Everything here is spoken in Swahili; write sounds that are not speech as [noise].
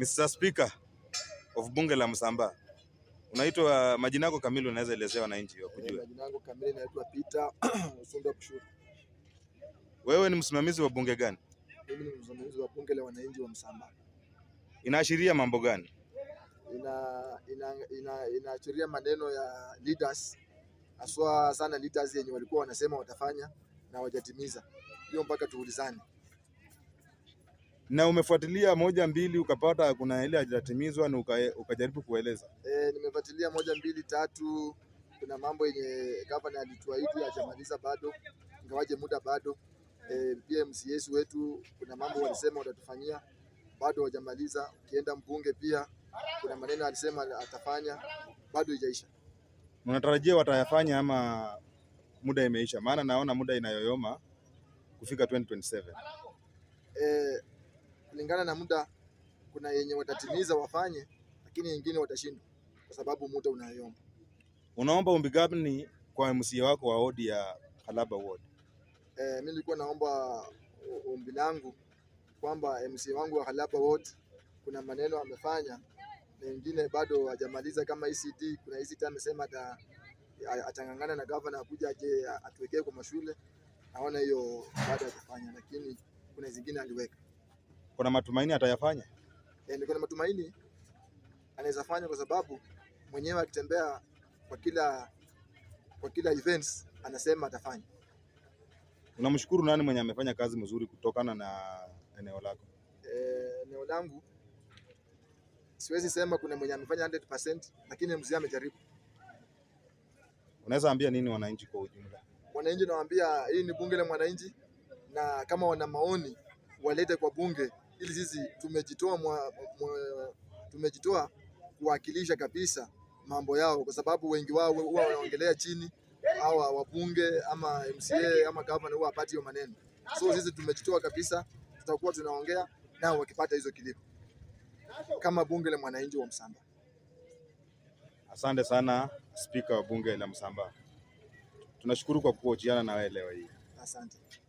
Mr. Speaker of bunge la Msambaa, unaitwa majina yako kamili, unaweza elezea wananchi wakujue? Eh, hey, majina yangu kamili naitwa Peter Usunga [clears throat] Bushuru. Wewe ni msimamizi wa bunge gani? Mimi ni msimamizi wa bunge la wananchi wa Msamba. Inaashiria mambo gani? Inaashiria ina, ina maneno ya leaders haswa sana leaders yenye walikuwa wanasema watafanya na wajatimiza, hiyo mpaka tuulizane na umefuatilia moja mbili ukapata kuna ile hajatimizwa na ukajaribu kueleza. E, nimefuatilia moja mbili tatu, kuna mambo yenye gavana alituahidi hajamaliza bado, ingawaje muda bado. E, pia MCS wetu kuna mambo walisema watatufanyia bado hajamaliza. Ukienda mbunge pia kuna maneno alisema atafanya bado haijaisha. Unatarajia watayafanya ama muda imeisha? Maana naona muda inayoyoma kufika 2027. Eh, kulingana na muda. Kuna yenye watatimiza wafanye, lakini wengine watashindwa kwa sababu muda unayoyomba. Unaomba ombi gani kwa msie wako wa wodi ya Kalaba Ward? Eh, mimi nilikuwa naomba ombi langu kwamba MC wangu wa Kalaba Ward kuna maneno amefanya mengine bado hajamaliza kama ECD. Kuna ECD amesema ata, atang'ang'ana na gavana akuja aje atuwekee kwa mashule, naona hiyo baada ya kufanya, lakini kuna zingine aliweka kuna matumaini atayafanya? E, eh, niko na matumaini anaweza fanya kwa sababu mwenyewe akitembea kwa kila kwa kila events anasema atafanya. Unamshukuru nani mwenye amefanya kazi mzuri kutokana na eneo lako? E, eneo langu siwezi sema kuna mwenye amefanya 100% lakini mzee amejaribu. Unaweza ambia nini wananchi kwa ujumla? Wananchi nawaambia hii ni bunge la mwananchi, na kama wana maoni walete kwa bunge ili sisi tumejitoa mwa, mwa, tumejitoa kuwakilisha kabisa mambo yao, kwa sababu wengi wao huwa wanaongelea chini hawa wabunge ama MCA ama governor huwa hapati hiyo maneno. So sisi tumejitoa kabisa, tutakuwa tunaongea nao wakipata hizo kilipo kama bunge la mwananchi wa Msamba. Asante sana spika wa bunge la Msamba, tunashukuru kwa kuojiana na wewe leo hii. Asante.